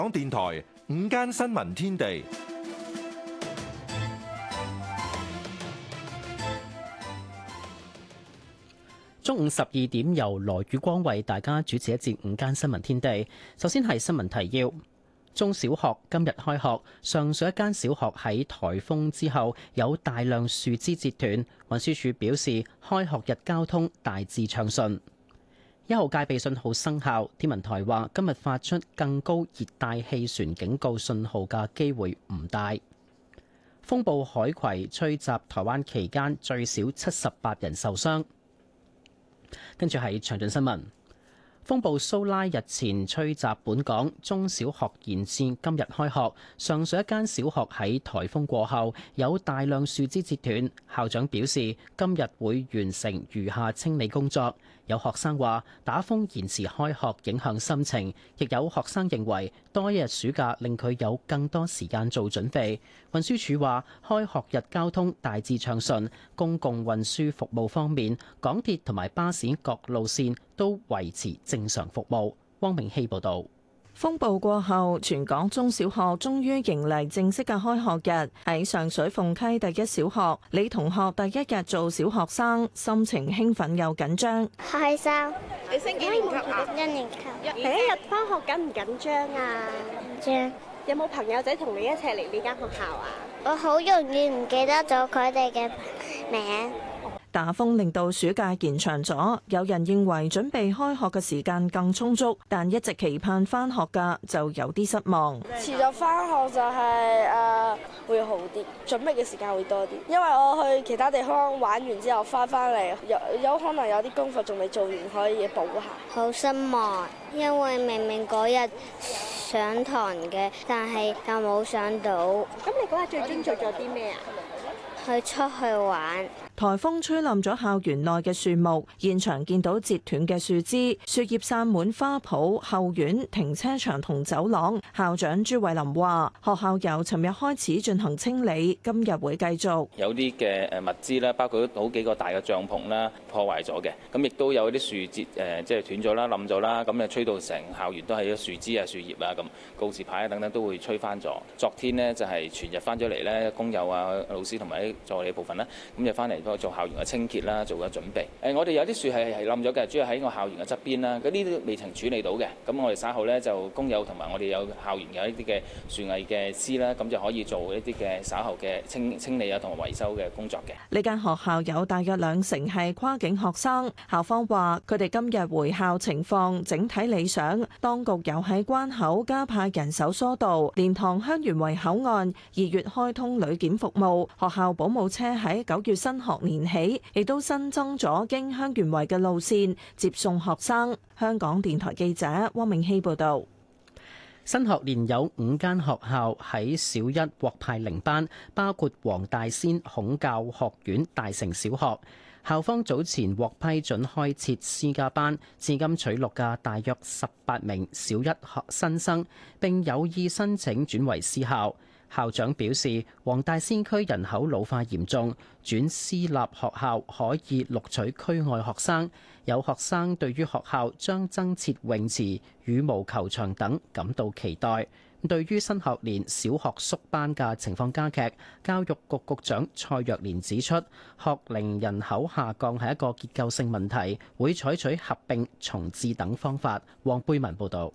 香港電台午間新聞天地，中午十二點由羅宇光為大家主持一節午間新聞天地。首先係新聞提要：中小學今日開學，上水一間小學喺台風之後有大量樹枝折斷，運輸署表示開學日交通大致暢順。一號戒備信號生效，天文台話今日發出更高熱帶氣旋警告信號嘅機會唔大。風暴海葵吹襲台灣期間，最少七十八人受傷。跟住係詳盡新聞。風暴蘇拉日前吹襲本港，中小學延線今日開學。上水一間小學喺颱風過後有大量樹枝折斷，校長表示今日會完成餘下清理工作。有學生話打風延遲開學影響心情，亦有學生認為多一日暑假令佢有更多時間做準備。運輸署話開學日交通大致暢順，公共運輸服務方面，港鐵同埋巴士各路線。都維持正常服務。汪明希報導。風暴過後，全港中小學終於迎嚟正式嘅開學日。喺上水鳳溪第一小學，李同學第一日做小學生，心情興奮又緊張。開心。你升幾年級？一年級。第一日返學緊唔緊張啊？緊張。有冇朋友仔同你一齊嚟呢間學校啊？我好容易唔記得咗佢哋嘅名。打風令到暑假延長咗，有人認為準備開學嘅時間更充足，但一直期盼返學嘅就有啲失望。遲咗返學就係、是、誒、呃、會好啲，準備嘅時間會多啲。因為我去其他地方玩完之後返返嚟，有有可能有啲功課仲未做完，可以補下。好失望，因為明明嗰日上堂嘅，但係又冇上到。咁你嗰日最鍾意做咗啲咩啊？去出去玩。台風吹冧咗校園內嘅樹木，現場見到折斷嘅樹枝、樹葉散滿花圃、後院、停車場同走廊。校長朱慧琳話：學校由尋日開始進行清理，今日會繼續。有啲嘅誒物資咧，包括好幾個大嘅帳篷啦，破壞咗嘅。咁亦都有啲樹枝誒，即係斷咗啦、冧咗啦。咁啊吹到成校園都係咗樹枝啊、樹葉啊，咁告示牌啊等等都會吹翻咗。昨天呢，就係全日翻咗嚟呢，工友啊、老師同埋助理部分啦，咁就翻嚟。做校園嘅清潔啦，做嘅準備。誒，我哋有啲樹係係冧咗嘅，主要喺我校園嘅側邊啦。嗰啲都未曾處理到嘅，咁我哋稍後咧就工友同埋我哋有校園有一啲嘅樹藝嘅師啦，咁就可以做一啲嘅稍後嘅清清理啊、同埋維修嘅工作嘅。呢間學校有大約兩成係跨境學生，校方話佢哋今日回校情況整體理想。當局又喺關口加派人手疏導，蓮塘香園圍口岸二月開通旅檢服務，學校保姆車喺九月新學年起，亦都新增咗經香園圍嘅路線接送學生。香港電台記者汪明希報導，新學年有五間學校喺小一獲派零班，包括黃大仙孔教學院大成小學。校方早前獲批准開設私家班，至今取錄嘅大約十八名小一學新生，生，並有意申請轉為私校。校長表示，黃大仙區人口老化嚴重，轉私立學校可以錄取區外學生。有學生對於學校將增設泳池、羽毛球場等感到期待。對於新學年小學縮班嘅情況加劇，教育局局長蔡若蓮指出，學齡人口下降係一個結構性問題，會採取合併、重置等方法。黃貝文報導。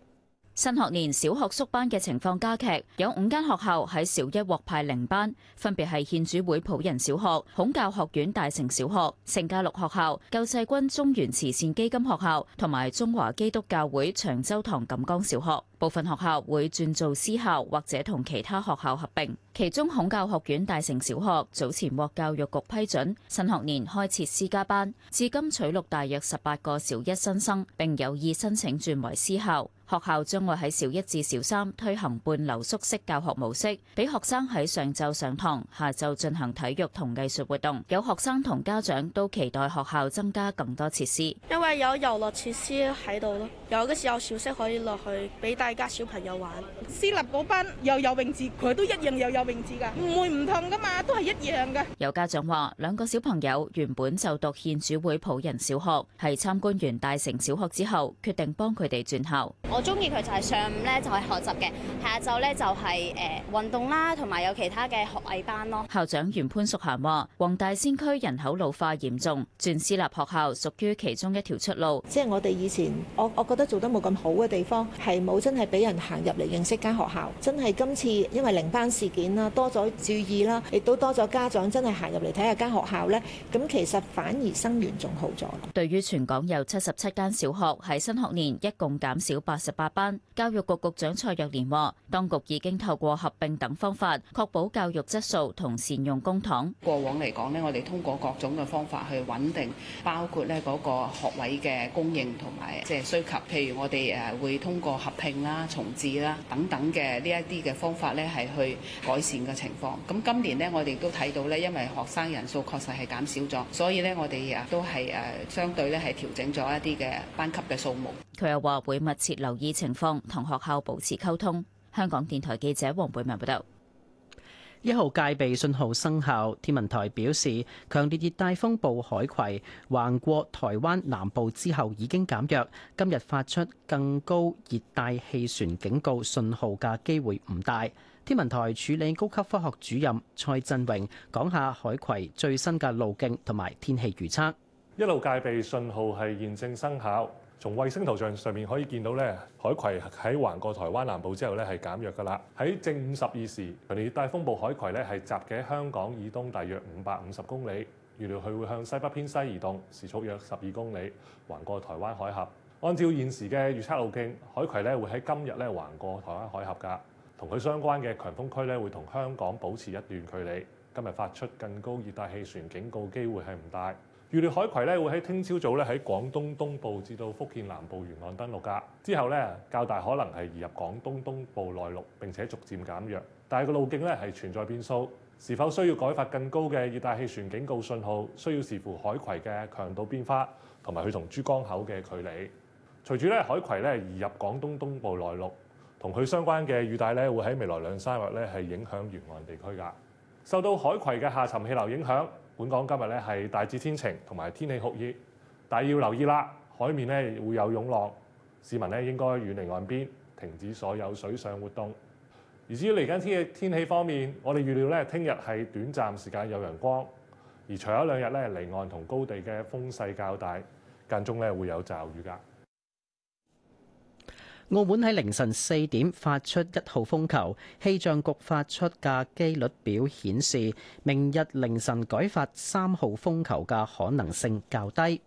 新學年小學縮班嘅情況加劇，有五間學校喺小一獲派零班，分別係獻主會普仁小學、孔教學院大成小學、聖加禄學校、救世軍中原慈善基金學校同埋中華基督教會長洲堂錦江小學。部分學校會轉做私校或者同其他學校合併。其中孔教學院大成小學早前獲教育局批准，新學年開設私家班，至今取錄大約十八個小一新生，生，並有意申請轉為私校。學校將會喺小一至小三推行半留宿式教學模式，俾學生喺上晝上堂，下晝進行體育同藝術活動。有學生同家長都期待學校增加更多設施，因為有遊樂設施喺度咯。有嘅時候小息可以落去俾大家小朋友玩。私立嗰班又有游泳池，佢都一樣又有游泳池噶，唔會唔同噶嘛，都係一樣噶。有家長話，兩個小朋友原本就讀獻主會普仁小學，係參觀完大成小學之後，決定幫佢哋轉校。我。中意佢就係上午咧就係學習嘅，下晝咧就係誒運動啦，同埋有，有其他嘅學藝班咯。校長袁潘淑霞話，黃大仙區人口老化嚴重，轉私立學校屬於其中一條出路。即係我哋以前，我我覺得做得冇咁好嘅地方，係冇真係俾人行入嚟認識間學校。真係今次因為零班事件啦，多咗注意啦，亦都多咗家長真係行入嚟睇下間學校咧。咁其實反而生源仲好咗。對於全港有七十七間小學喺新學年一共減少八十八班，教育局局長蔡若蓮話，當局已經透過合併等方法，確保教育質素同善用公帑。過往嚟講呢，我哋通過各種嘅方法去穩定，包括咧嗰個學位嘅供應同埋即係需求。譬如我哋誒會通過合併啦、重置啦等等嘅呢一啲嘅方法咧，係去改善嘅情況。咁今年呢，我哋都睇到咧，因為學生人數確實係減少咗，所以呢，我哋亦都係誒相對咧係調整咗一啲嘅班級嘅數目。佢又話會密切留意，留意情況，同學校保持溝通。香港電台記者黃貝文報道，一號戒備信號生效。天文台表示，強烈熱帶風暴海葵橫過台灣南部之後已經減弱，今日發出更高熱帶氣旋警告信號嘅機會唔大。天文台處理高級科學主任蔡振榮講下海葵最新嘅路徑同埋天氣預測。一號戒備信號係現正生效。從衛星圖像上面可以見到咧，海葵喺橫過台灣南部之後咧，係減弱㗎喇。喺正午十二時，強烈熱帶風暴海葵咧係集結香港以東大約五百五十公里，預料佢會向西北偏西移動，時速約十二公里，橫過台灣海峽。按照現時嘅預測路徑，海葵咧會喺今日咧橫過台灣海峽㗎。同佢相關嘅強風區咧會同香港保持一段距離，今日發出更高熱帶氣旋警告機會係唔大。預料海葵咧會喺聽朝早咧喺廣東東部至到福建南部沿岸登陸㗎，之後咧較大可能係移入廣東東部內陸，並且逐漸減弱。但係個路徑咧係存在變數，是否需要改發更高嘅熱帶氣旋警告信號，需要視乎海葵嘅強度變化同埋佢同珠江口嘅距離。隨住咧海葵咧移入廣東東部內陸，同佢相關嘅雨帶咧會喺未來兩三日咧係影響沿岸地區㗎。受到海葵嘅下沉氣流影響。本港今日咧係大致天晴，同埋天氣酷熱，但係要留意啦，海面咧會有湧浪，市民咧應該遠離岸邊，停止所有水上活動。而至於嚟緊天氣，天氣方面，我哋預料咧聽日係短暫時間有陽光，而除咗兩日咧離岸同高地嘅風勢較大，間中咧會有驟雨噶。澳門喺凌晨四點發出一號風球，氣象局發出嘅機率表顯示，明日凌晨改發三號風球嘅可能性較低。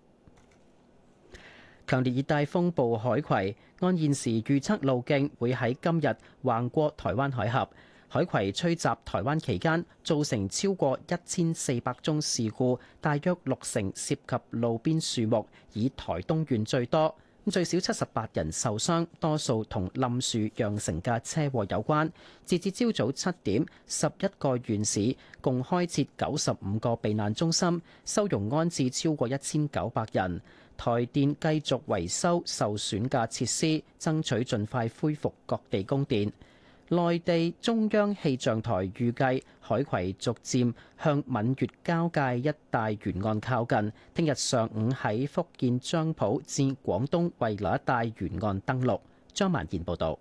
強烈熱帶風暴海葵按現時預測路徑，會喺今日橫過台灣海峽。海葵吹襲台灣期間，造成超過一千四百宗事故，大約六成涉及路邊樹木，以台東縣最多。最少七十八人受傷，多數同冧樹釀成嘅車禍有關。截至朝早七點，十一個縣市共開設九十五個避難中心，收容安置超過一千九百人。台電繼續維修受損嘅設施，爭取盡快恢復各地供電。內地中央氣象台預計海葵逐漸向閩粵交界一帶沿岸靠近，聽日上午喺福建漳浦至廣東惠來一帶沿岸登陸。張萬賢報導。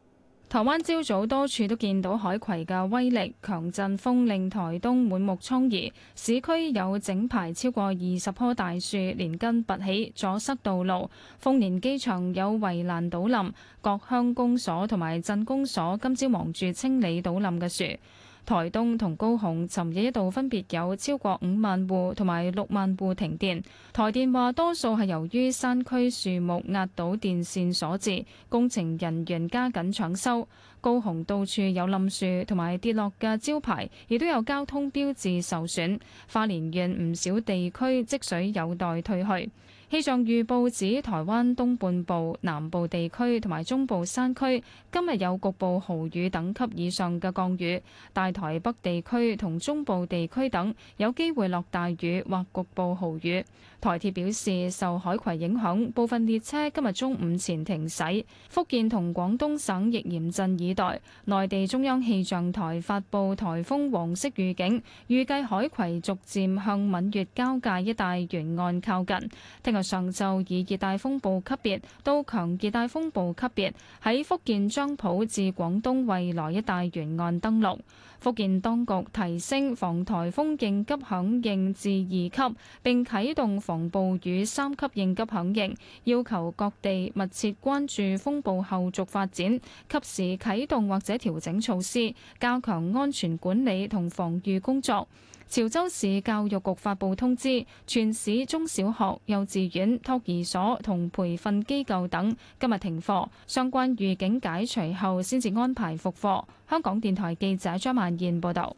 台灣朝早多處都見到海葵嘅威力，強陣風令台東滿目瘡痍，市區有整排超過二十棵大樹連根拔起，阻塞道路；豐年機場有圍欄倒冧，各鄉公所同埋鎮公所今朝忙住清理倒冧嘅樹。台東同高雄尋日一度分別有超過五萬戶同埋六萬戶停電，台電話多數係由於山區樹木壓倒電線所致，工程人員加緊搶修。高雄到處有冧樹同埋跌落嘅招牌，亦都有交通標誌受損。花蓮縣唔少地區積水有待退去。氣象預報指，台灣東半部南部地區同埋中部山區今日有局部豪雨等級以上嘅降雨，大台北地區同中部地區等有機會落大雨或局部豪雨。台鐵表示，受海葵影響，部分列車今日中午前停駛。福建同廣東省亦嚴陣以待。內地中央氣象台發佈颱風黃色預警，預計海葵逐漸向閩粵交界一帶沿岸靠近。聽日上晝以熱帶風暴級別到強熱帶風暴級別喺福建漳浦至廣東惠來一帶沿岸登陸，福建當局提升防颱風應急響應至二級，並啟動防暴雨三級應急響應，要求各地密切關注風暴後續發展，及時啟動或者調整措施，加強安全管理同防禦工作。潮州市教育局發布通知，全市中小學幼稚園托兒所同培訓機構等今日停課，相關預警解除後先至安排復課，香港電台記者張曼燕報道。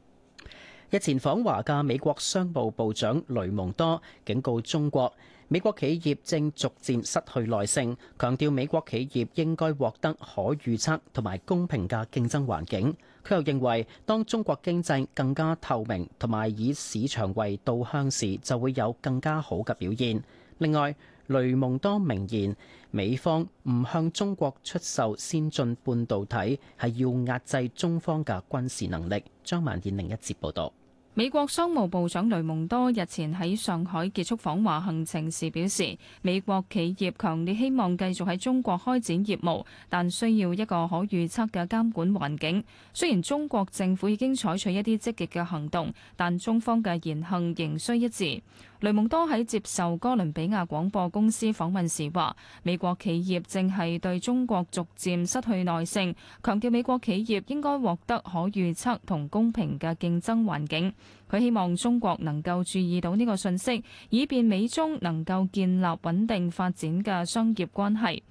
日前訪華嘅美國商務部長雷蒙多警告中國，美國企業正逐漸失去耐性，強調美國企業應該獲得可預測同埋公平嘅競爭環境。佢又認為，當中國經濟更加透明同埋以市場為導向時，就會有更加好嘅表現。另外，雷蒙多明言，美方唔向中國出售先進半導體，係要壓制中方嘅軍事能力。張曼燕另一節報導。美國商務部長雷蒙多日前喺上海結束訪華行程時表示，美國企業強烈希望繼續喺中國開展業務，但需要一個可預測嘅監管環境。雖然中國政府已經採取一啲積極嘅行動，但中方嘅言行仍需一致。雷蒙多喺接受哥倫比亞廣播公司訪問時話，美國企業正係對中國逐漸失去耐性，強調美國企業應該獲得可預測同公平嘅競爭環境。佢希望中國能夠注意到呢個信息，以便美中能夠建立穩定發展嘅商業關係。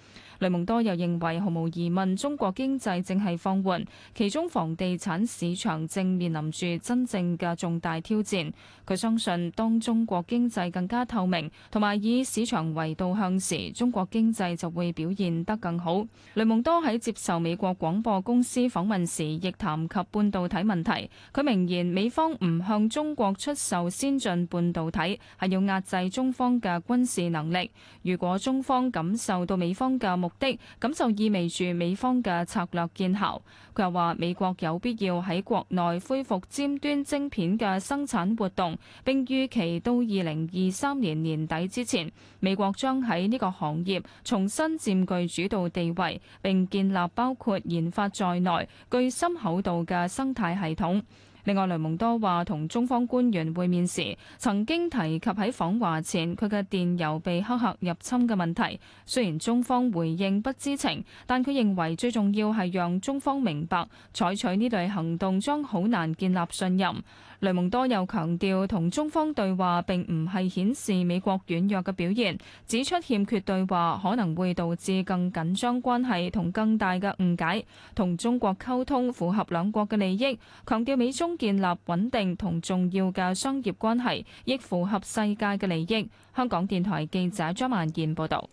雷蒙多又認為毫無疑問，中國經濟正係放緩，其中房地產市場正面臨住真正嘅重大挑戰。佢相信當中國經濟更加透明同埋以市場為導向時，中國經濟就會表現得更好。雷蒙多喺接受美國廣播公司訪問時，亦談及半導體問題。佢明言美方唔向中國出售先進半導體係要壓制中方嘅軍事能力。如果中方感受到美方嘅，目的，咁就意味住美方嘅策略見效。佢又話美國有必要喺國內恢復尖端晶片嘅生產活動，並預期到二零二三年年底之前，美國將喺呢個行業重新佔據主導地位，並建立包括研發在內具深厚度嘅生態系統。另外，雷蒙多話同中方官員會面時，曾經提及喺訪華前，佢嘅電郵被黑客入侵嘅問題。雖然中方回應不知情，但佢認為最重要係讓中方明白，採取呢類行動將好難建立信任。雷蒙多又強調，同中方對話並唔係顯示美國軟弱嘅表現，指出欠缺對話可能會導致更緊張關係同更大嘅誤解，同中國溝通符合兩國嘅利益，強調美中建立穩定同重要嘅商業關係，亦符合世界嘅利益。香港電台記者張萬健報導。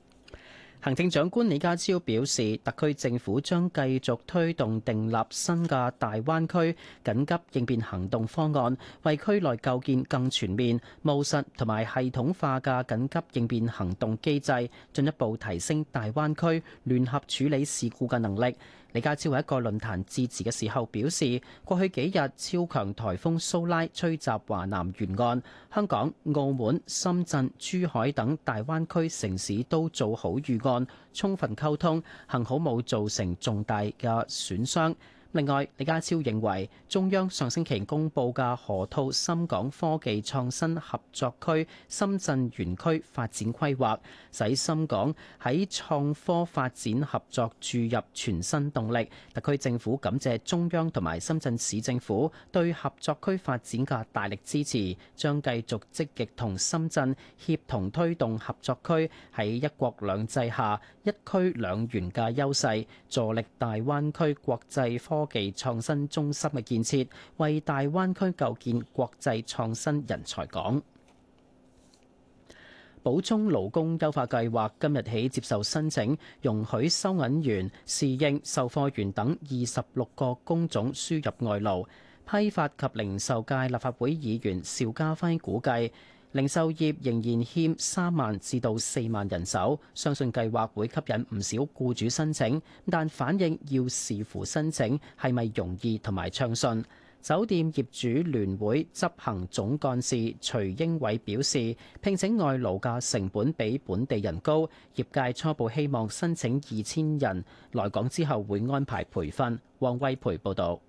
行政長官李家超表示，特區政府將繼續推動訂立新嘅大灣區緊急應變行動方案，為區內構建更全面、務實同埋系統化嘅緊急應變行動機制，進一步提升大灣區聯合處理事故嘅能力。李家超喺一個論壇致辭嘅時候表示，過去幾日超強颱風蘇拉吹襲華南沿岸，香港、澳門、深圳、珠海等大灣區城市都做好預案，充分溝通，幸好冇造成重大嘅損傷。另外，李家超認為中央上星期公布嘅河套深港科技創新合作區深圳園區發展規劃使深港喺創科發展合作注入全新動力。特區政府感謝中央同埋深圳市政府對合作區發展嘅大力支持，將繼續積極同深圳協同推動合作區喺一國兩制下一區兩園嘅優勢，助力大灣區國際科。科技創新中心嘅建設，為大灣區構建國際創新人才港。補充勞工優化計劃今日起接受申請，容許收銀員、侍應、售貨員等二十六個工種輸入外勞。批發及零售界立法會議員邵家輝估計。零售業仍然欠三萬至到四萬人手，相信計劃會吸引唔少僱主申請，但反應要視乎申請係咪容易同埋暢順。酒店業主聯會執行總幹事徐英偉表示，聘請外勞嘅成本比本地人高，業界初步希望申請二千人，來港之後會安排培訓。王威培報導。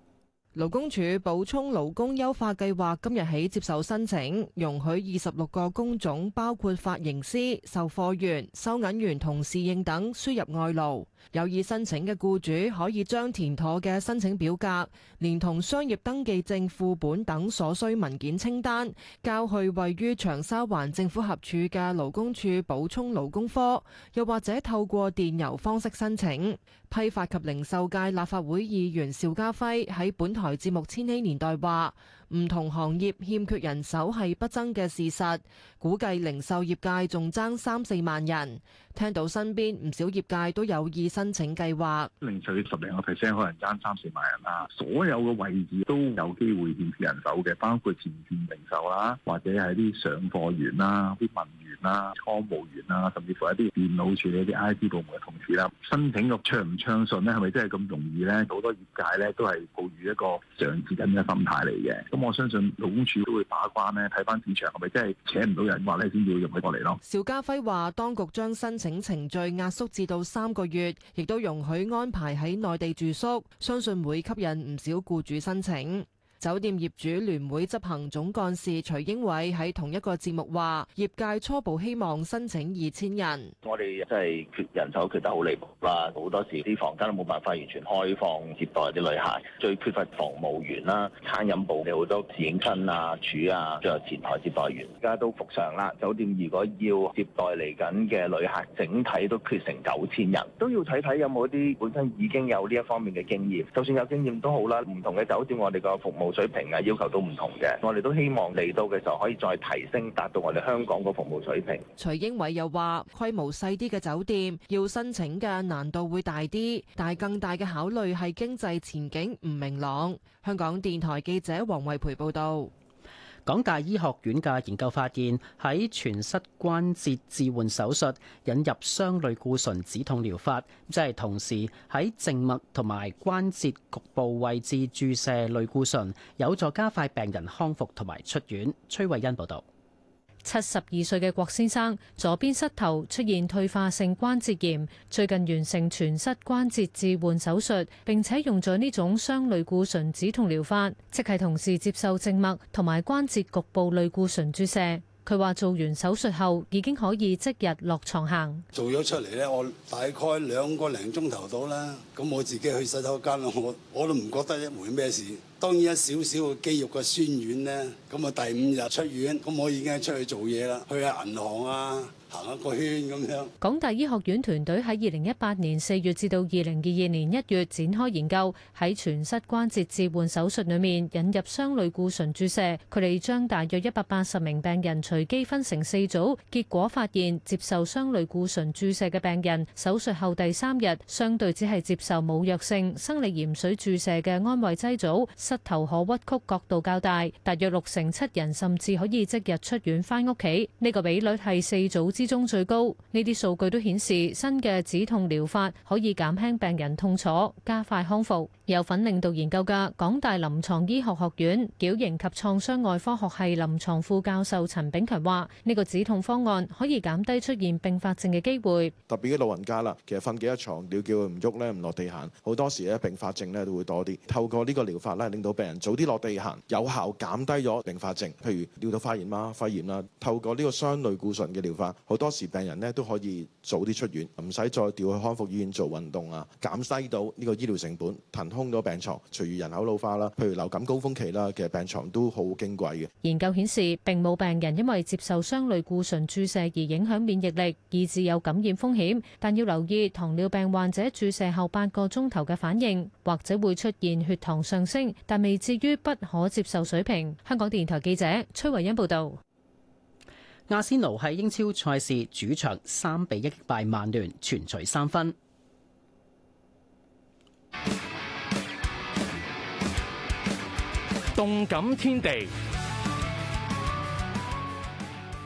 勞工處補充勞工優化計劃今日起接受申請，容許二十六個工種，包括髮型師、售貨員、收銀員同侍應等輸入外勞。有意申請嘅僱主可以將填妥嘅申請表格，連同商業登記證副本等所需文件清單，交去位於長沙灣政府合署嘅勞工處補充勞工科，又或者透過電郵方式申請。批發及零售界立法會議員邵家輝喺本台節目《千禧年代》話：唔同行業欠缺人手係不爭嘅事實，估計零售業界仲爭三四萬人。聽到身邊唔少業界都有意申請計劃，零歲十零個 percent 可能爭三四萬人啦。所有嘅位置都有機會變人手嘅，包括前線零售啦，或者係啲上貨員啦、啲文員啦、倉務員啦，甚至乎一啲電腦處理一啲 IT 部門嘅同事啦。申請個暢唔暢順咧，係咪真係咁容易咧？好多業界咧都係抱住一個上節緊嘅心態嚟嘅。咁我相信勞工處都會把關咧，睇翻市場係咪真係請唔到人話咧，先至會用佢過嚟咯。邵家輝話：當局將申請整程序壓縮至到三個月，亦都容許安排喺內地住宿，相信會吸引唔少僱主申請。酒店業主聯會執行總幹事徐英偉喺同一個節目話，業界初步希望申請二千人。我哋真係缺人手，缺得好離譜啦！好多時啲房間都冇辦法完全開放接待啲旅客。最缺乏房務員啦，啊、餐飲部嘅好多侍應生啊、廚啊，最後前台接待員。而家都服上啦，酒店如果要接待嚟緊嘅旅客，整體都缺成九千人，都要睇睇有冇啲本身已經有呢一方面嘅經驗。就算有經驗都好啦，唔同嘅酒店我哋個服務。服務水平啊，要求都唔同嘅，我哋都希望嚟到嘅時候可以再提升，達到我哋香港個服務水平。徐英偉又話：規模細啲嘅酒店要申請嘅難度會大啲，但係更大嘅考慮係經濟前景唔明朗。香港電台記者黃慧培報道。港大醫學院嘅研究發現，喺全膝關節置換手術引入雙類固醇止痛療法，即係同時喺靜脈同埋關節局部位置注射類固醇，有助加快病人康復同埋出院。崔慧欣報道。七十二歲嘅郭先生，左邊膝頭出現退化性關節炎，最近完成全膝關節置換手術，並且用咗呢種雙類固醇止痛療法，即係同時接受靜脈同埋關節局部類固醇注射。佢話做完手術後已經可以即日落床行。做咗出嚟呢，我大概兩個零鐘頭到啦，咁我自己去洗手間，我我都唔覺得一門咩事。當然一少少嘅肌肉嘅酸軟咧，咁啊第五日出院，咁我已經係出去做嘢啦，去下銀行啊。行一個圈咁樣。港大醫學院團隊喺二零一八年四月至到二零二二年一月展開研究，喺全膝關節置換手術裏面引入雙類固醇注射。佢哋將大約一百八十名病人隨機分成四組，結果發現接受雙類固醇注射嘅病人，手術後第三日相對只係接受冇藥性生理鹽水注射嘅安慰劑組，膝頭可屈曲角度較大，大約六成七人甚至可以即日出院翻屋企。呢個比率係四組之。中最高，呢啲數據都顯示新嘅止痛療法可以減輕病人痛楚、加快康復。有份領導研究嘅港大臨牀醫學學院矯形及創傷外科學系臨牀副教授陳炳強話：呢個止痛方案可以減低出現並發症嘅機會。特別嘅老人家啦，其實瞓幾多牀尿叫佢唔喐咧，唔落地行。好多時咧，並發症咧都會多啲。透過呢個療法咧，令到病人早啲落地行，有效減低咗並發症，譬如尿道發炎啦、肺炎啦。透過呢個雙類固醇嘅療法。好多時病人咧都可以早啲出院，唔使再調去康復醫院做運動啊，減低到呢個醫療成本，騰空咗病牀。隨住人口老化啦，譬如流感高峯期啦，其實病牀都好矜貴嘅。研究顯示並冇病人因為接受雙類固醇注射而影響免疫力，以致有感染風險。但要留意糖尿病患者注射後八個鐘頭嘅反應，或者會出現血糖上升，但未至於不可接受水平。香港電台記者崔維恩報導。阿仙奴喺英超賽事主場三比一擊敗曼聯，全取三分。動感天地。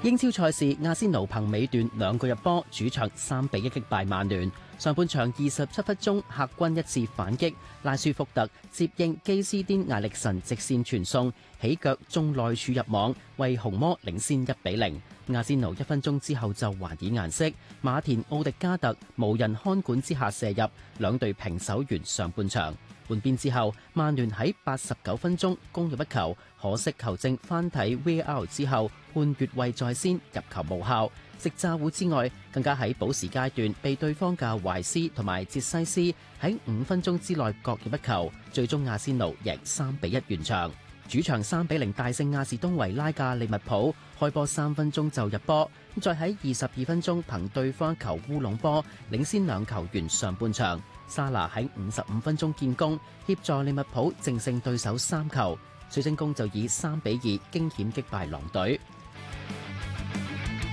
英超賽事，阿仙奴憑尾段兩個入波，主場三比一擊敗曼聯。上半場二十七分鐘，客軍一次反擊，拉舒福特接應基斯甸艾力神直線傳送，起腳中內柱入網，為紅魔領先一比零。阿仙奴一分鐘之後就還以顏色，馬田奧迪加特無人看管之下射入，兩隊平手完上半場。換邊之後，曼聯喺八十九分鐘攻入一球，可惜球證翻睇 VAR 之後判越位在先，入球無效。食炸糊之外，更加喺補時階段被對方嘅懷斯同埋哲西斯喺五分鐘之內各入一球，最終亞仙奴贏三比一完場。主場三比零大勝亞士東維拉嘅利物浦，開波三分鐘就入波，再喺二十二分鐘憑對方球烏龍波領先兩球完上半場。莎拿喺五十五分鐘建功，協助利物浦淨勝對手三球。水晶宮就以三比二驚險擊敗狼隊。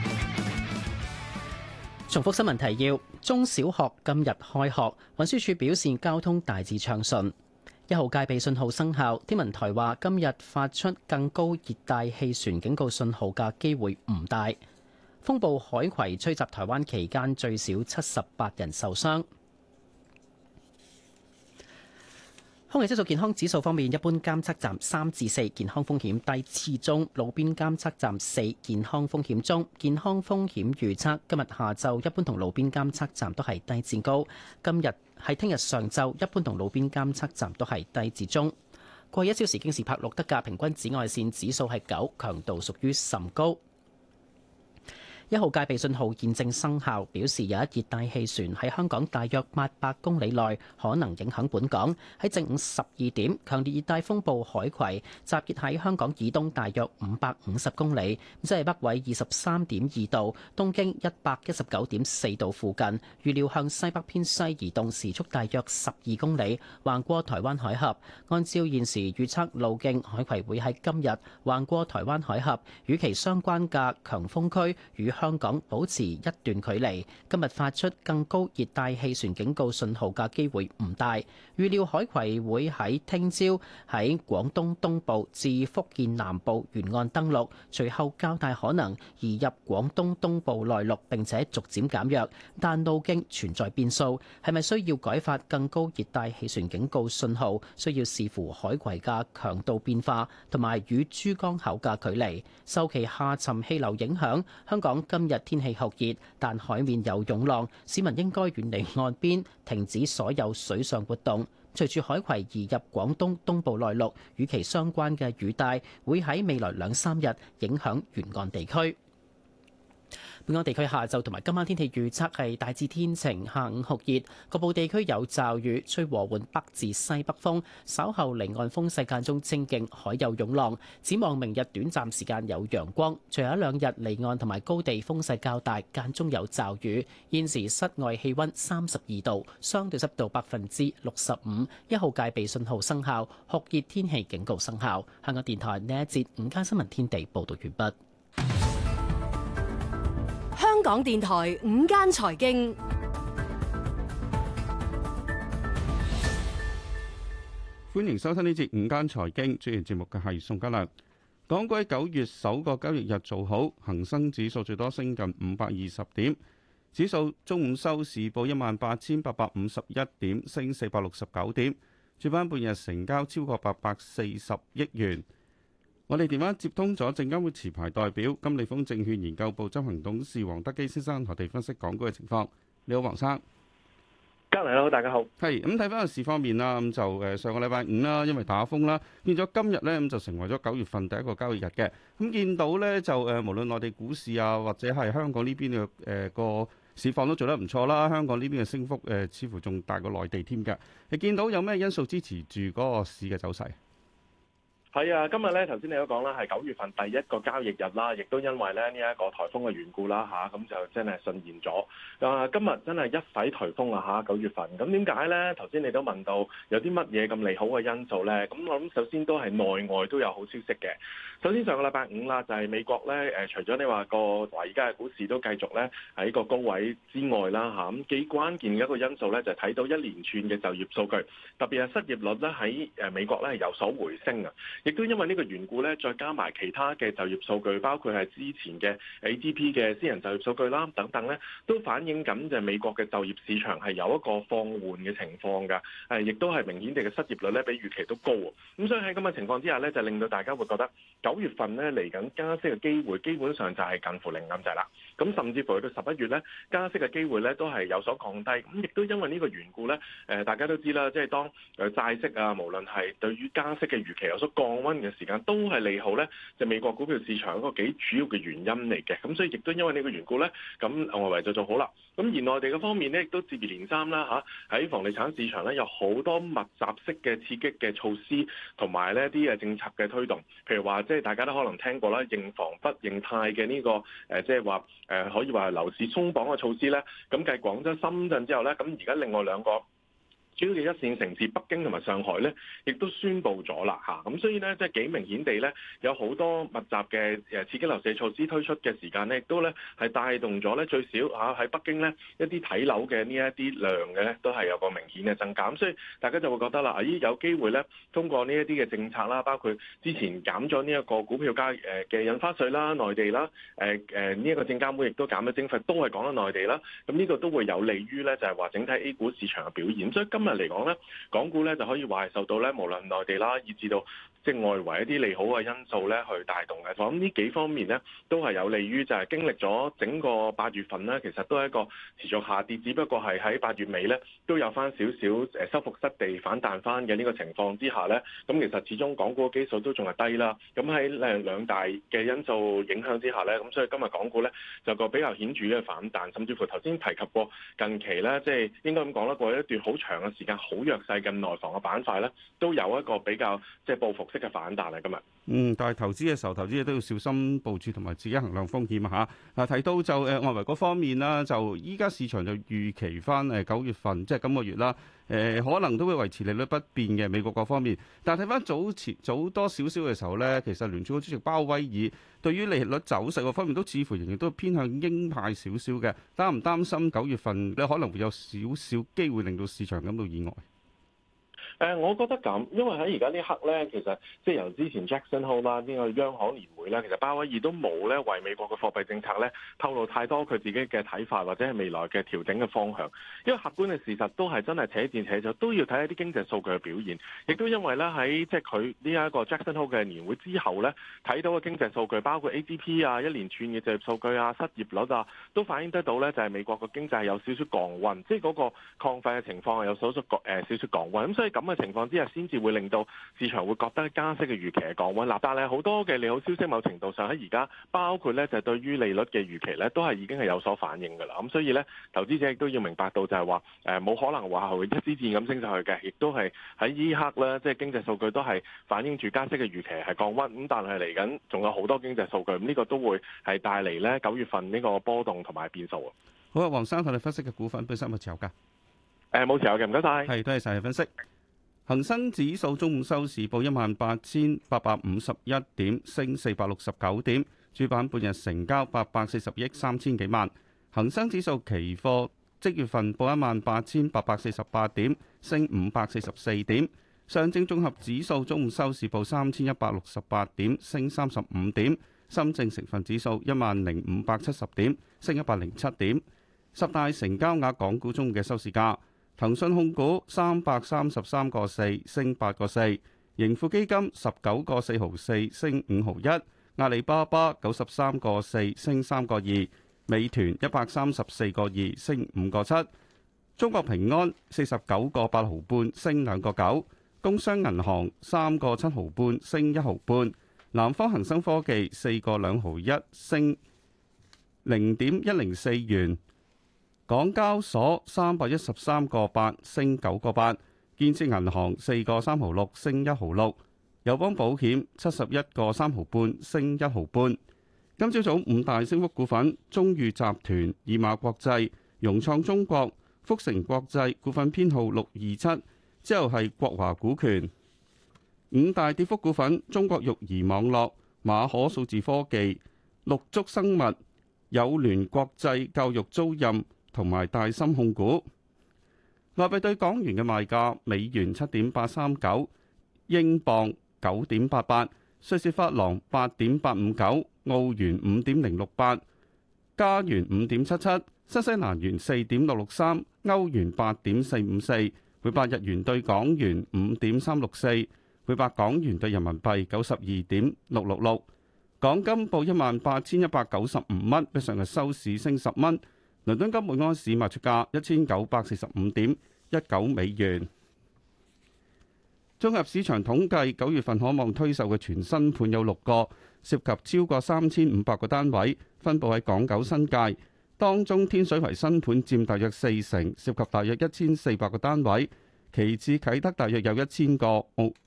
重複新聞提要：中小學今日開學，運輸處表示交通大致暢順。一號戒備信號生效，天文台話今日發出更高熱帶氣旋警告信號嘅機會唔大。風暴海葵吹襲台灣期間，最少七十八人受傷。空氣質素健康指數方面，一般監測站三至四，健康風險低至中；路邊監測站四，健康風險中。健康風險預測今日下晝一般同路邊監測站都係低至高。今日係聽日上晝一般同路邊監測站都係低至中。過去一小時京士柏錄得嘅平均紫外線指數係九，強度屬於甚高。一號戒備信號現正生效，表示有一熱帶氣旋喺香港大約八百公里內可能影響本港。喺正午十二點，強烈熱帶風暴海葵集結喺香港以東大約五百五十公里，即係北緯二十三點二度、東經一百一十九點四度附近。預料向西北偏西移動，時速大約十二公里，橫過台灣海峽。按照現時預測路徑，海葵會喺今日橫過台灣海峽，與其相關嘅強風區與香港保持一段距離，今日發出更高熱帶氣旋警告信號嘅機會唔大。預料海葵會喺聽朝喺廣東東部至福建南部沿岸登陸，隨後較大可能移入廣東東部內陸，並且逐漸減弱，但路徑存在變數，係咪需要改發更高熱帶氣旋警告信號，需要視乎海葵嘅強度變化同埋與珠江口嘅距離，受其下沉氣流影響，香港。今日天氣酷熱，但海面有湧浪，市民應該遠離岸邊，停止所有水上活動，隨住海葵移入廣東東部內陸與其相關嘅雨帶，會喺未來兩三日影響沿岸地區。本港地區下晝同埋今晚天氣預測係大致天晴，下午酷熱，局部地區有驟雨，吹和緩北至西北風，稍後離岸風勢間中清勁，海有湧浪。展望明日短暫時間有陽光，最後一兩日離岸同埋高地風勢較大，間中有驟雨。現時室外氣溫三十二度，相對濕度百分之六十五，一號戒備信號生效，酷熱天氣警告生效。香港電台呢一節午間新聞天地報道完畢。香港電台午間財經。歡迎收聽呢節午間財經。主持節目嘅係宋嘉良。港股九月首個交易日做好，恒生指數最多升近五百二十點，指數中午收市報一萬八千八百五十一點，升四百六十九點。主板半日成交超過八百四十億元。我哋電話接通咗證監會持牌代表金利豐證券研究部執行董事黃德基先生，同我哋分析港股嘅情況。你好，黃生。哈囉，好，大家好。係咁睇翻個市方面啦，咁、嗯、就誒上個禮拜五啦，因為打風啦，變咗今日咧，咁就成為咗九月份第一個交易日嘅。咁、嗯、見到咧就誒、呃，無論內地股市啊，或者係香港呢邊嘅誒個市況都做得唔錯啦。香港呢邊嘅升幅誒、呃，似乎仲大過內地添嘅。你見到有咩因素支持住嗰個市嘅走勢？係啊，今日咧頭先你都講啦，係九月份第一個交易日啦，亦都因為咧呢一個颱風嘅緣故啦嚇，咁就真係順延咗。啊，今日真係一洗颱風啊嚇！九月份咁點解咧？頭先你都問到有啲乜嘢咁利好嘅因素咧？咁我諗首先都係內外都有好消息嘅。首先上個禮拜五啦，就係美國咧誒，除咗你話個華爾街嘅股市都繼續咧喺個高位之外啦嚇，咁幾關鍵嘅一個因素咧就係睇到一連串嘅就業數據，特別係失業率咧喺誒美國咧係有所回升啊！亦都因為呢個緣故咧，再加埋其他嘅就業數據，包括係之前嘅 ADP 嘅私人就業數據啦，等等咧，都反映緊就美國嘅就業市場係有一個放緩嘅情況㗎。誒，亦都係明顯地嘅失業率咧，比預期都高喎。咁、嗯、所以喺咁嘅情況之下咧，就令到大家會覺得九月份咧嚟緊加息嘅機會，基本上就係近乎零咁滯啦。咁甚至乎去到十一月咧，加息嘅機會咧都係有所降低。咁亦都因為呢個緣故咧，誒大家都知啦，即係當誒債息啊，無論係對於加息嘅預期有所降溫嘅時間，都係利好咧，就美國股票市場一個幾主要嘅原因嚟嘅。咁所以亦都因為呢個緣故咧，咁外圍就做好啦。咁而內地嘅方面呢，亦都接二連三啦嚇，喺房地產市場呢，有好多密集式嘅刺激嘅措施，同埋呢啲誒政策嘅推動，譬如話即係大家都可能聽過啦，認房不認貸嘅呢個誒，即係話誒可以話係樓市鬆綁嘅措施呢。咁繼廣州、深圳之後呢，咁而家另外兩個主要嘅一線城市北京同埋上海咧，亦都宣布咗啦嚇，咁、啊、所以咧，即係幾明顯地咧，有好多密集嘅誒刺激樓市措施推出嘅時間咧，亦都咧係帶動咗咧最少嚇喺北京咧一啲睇樓嘅呢一啲量嘅咧，都係有個明顯嘅增減，所以大家就會覺得啦，咦、啊，有機會咧通過呢一啲嘅政策啦，包括之前減咗呢一個股票加誒嘅印花稅啦、內地啦、誒誒呢一個證監會亦都減咗徵費，都係講緊內地啦，咁呢個都會有利於咧就係話整體 A 股市場嘅表現，所以今。今日嚟講咧，港股咧就可以話係受到咧無論內地啦，以至到即係外圍一啲利好嘅因素咧，去帶動嘅。咁呢幾方面咧，都係有利於，就係經歷咗整個八月份咧，其實都係一個持續下跌，只不過係喺八月尾咧都有翻少少誒收復失地反彈翻嘅呢個情況之下咧，咁其實始終港股嘅基數都仲係低啦。咁喺兩大嘅因素影響之下咧，咁所以今日港股咧就個比較顯著嘅反彈，甚至乎頭先提及過近期咧，即係應該咁講啦，過一段好長嘅。時間好弱勢咁內房嘅板塊咧，都有一個比較即係、就是、報復式嘅反彈啦，今日。嗯，但係投資嘅時候，投資者都要小心部署同埋自己衡量風險啊嚇。啊，睇、啊、到就誒、呃、外圍嗰方面啦，就依家市場就預期翻誒九月份，即、就、係、是、今個月啦。誒、呃，可能都會維持利率不變嘅美國各方面。但係睇翻早前早多少少嘅時候呢，其實聯儲主席鮑威爾對於利率走勢嗰方面都似乎仍然都偏向鷹派少少嘅。擔唔擔心九月份你可能會有少少機會令到市場感到意外？誒，我覺得咁，因為喺而家呢刻咧，其實即係由之前 Jackson Hole 啦，呢個央行年會咧，其實鮑威爾都冇咧為美國嘅貨幣政策咧透露太多佢自己嘅睇法，或者係未來嘅調整嘅方向。因為客觀嘅事實都係真係且戰且走，都要睇一啲經濟數據嘅表現。亦都因為咧喺即係佢呢一個 Jackson Hole 嘅年會之後咧，睇到嘅經濟數據，包括 ADP 啊、一連串嘅就業數據啊、失業率啊，都反映得到咧就係美國嘅經濟係有少少降溫，即係嗰個抗費嘅情況係有少許少許降誒少少降溫。咁所以咁。咁嘅情況之下，先至會令到市場會覺得加息嘅預期係降温啦。但係好多嘅利好消息，某程度上喺而家，包括咧就係對於利率嘅預期咧，都係已經係有所反應㗎啦。咁所以咧，投資者亦都要明白到就係話誒，冇、呃、可能話係會一支箭咁升上去嘅，亦都係喺依刻咧，即、就、係、是、經濟數據都係反映住加息嘅預期係降温。咁但係嚟緊仲有好多經濟數據，咁、這、呢個都會係帶嚟咧九月份呢個波動同埋變數啊。好啊，黃生同你分析嘅股份本身有冇持有㗎？冇、呃、持有嘅，唔該晒。係，多謝晒嘅分析。恒生指數中午收市報一萬八千八百五十一點，升四百六十九點。主板半日成交八百四十億三千幾萬。恒生指數期貨即月份報一萬八千八百四十八點，升五百四十四點。上證綜合指數中午收市報三千一百六十八點，升三十五點。深證成分指數一萬零五百七十點，升一百零七點。十大成交額港股中嘅收市價。騰訊控股三百三十三個四升八個四，盈富基金十九個四毫四升五毫一，阿里巴巴九十三個四升三個二，美團一百三十四個二升五個七，中國平安四十九個八毫半升兩個九，工商銀行三個七毫半升一毫半，南方恒生科技四個兩毫一升零點一零四元。港交所三百一十三個八升九個八，建設銀行四個三毫六升一毫六，友邦保險七十一個三毫半升一毫半。今朝早，早五大升幅股份：中裕集團、易馬國際、融創中國、福成國際股份編號六二七，之後係國華股權。五大跌幅股份：中國育兒網絡、馬可數字科技、綠竹生物、友聯國際教育租賃。同埋大森控股，外幣對港元嘅賣價：美元七點八三九，英鎊九點八八，瑞士法郎八點八五九，澳元五點零六八，加元五點七七，新西蘭元四點六六三，歐元八點四五四，每百日元對港元五點三六四，每百港元對人民幣九十二點六六六，港金報一萬八千一百九十五蚊，比上日收市升十蚊。倫敦金每安士賣出價一千九百四十五點一九美元。綜合市場統計，九月份可望推售嘅全新盤有六個，涉及超過三千五百個單位，分布喺港九新界。當中天水圍新盤佔大約四成，涉及大約一千四百個單位；其次啟德大約有一千個，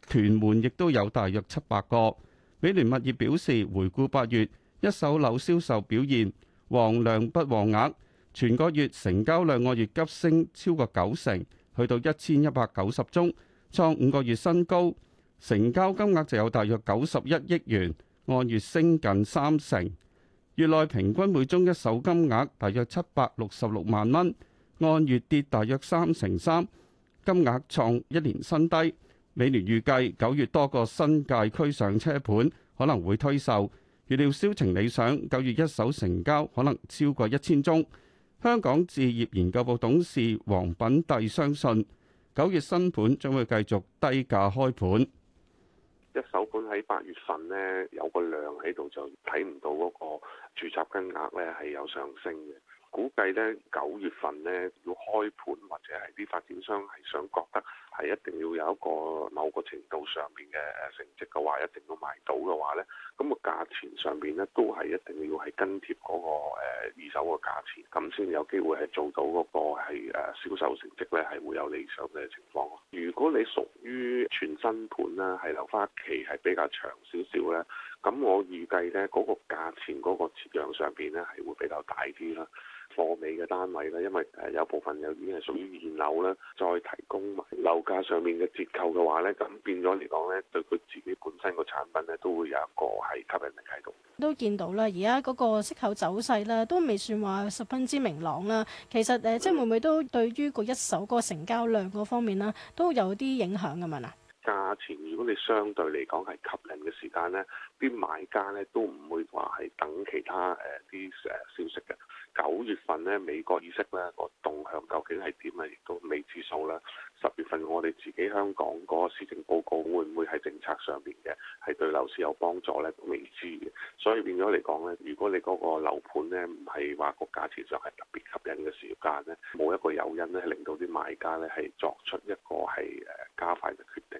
屯門亦都有大約七百個。美聯物業表示，回顧八月一手樓銷售表現，旺量不旺額。全個月成交量按月急升超過九成，去到一千一百九十宗，創五個月新高。成交金額就有大約九十一億元，按月升近三成。月內平均每宗一手金額大約七百六十六萬蚊，按月跌大約三成三，金額創一年新低。美聯預計九月多個新界區上車盤可能會推售，預料銷情理想，九月一手成交可能超過一千宗。香港置業研究部董事黃品第相信，九月新盤將會繼續低價開盤。一手盤喺八月份呢，有個量喺度就睇唔到嗰個注冊金額咧係有上升嘅。估計呢九月份呢要開盤，或者係啲發展商係想覺得係一定要有一個某個程度上面嘅成績嘅話，一定要賣到嘅話呢。咁個價錢上面呢都係一定要係跟貼嗰個、呃、二手個價錢，咁先有機會係做到嗰個係誒銷售成績呢係會有理想嘅情況。如果你屬於全新盤啦，係樓花期係比較長少少呢。咁我預計呢嗰、嗰個價錢嗰個折讓上邊呢，係會比較大啲啦。貨尾嘅單位咧，因為誒有部分有已經係屬於現樓啦，再提供埋樓價上面嘅折扣嘅話呢，咁變咗嚟講呢，對佢自己本身個產品呢，都會有一個係吸引力喺度。都見到啦，而家嗰個息口走勢呢，都未算話十分之明朗啦。其實誒，嗯、即係會唔會都對於一個一手嗰個成交量嗰方面啦，都有啲影響咁樣啊？價錢，如果你相對嚟講係吸引嘅時間呢，啲買家呢都唔會話係等其他誒啲、呃、消息嘅。九月份呢，美國意識呢、個動向究竟係點啊，亦都未知數啦。十月份我哋自己香港個施政報告會唔會係政策上邊嘅係對樓市有幫助咧，都未知嘅。所以變咗嚟講呢，如果你嗰個樓盤咧唔係話個價錢上係特別吸引嘅時間呢，冇一個誘因呢令到啲買家呢係作出一個係誒加快嘅決定。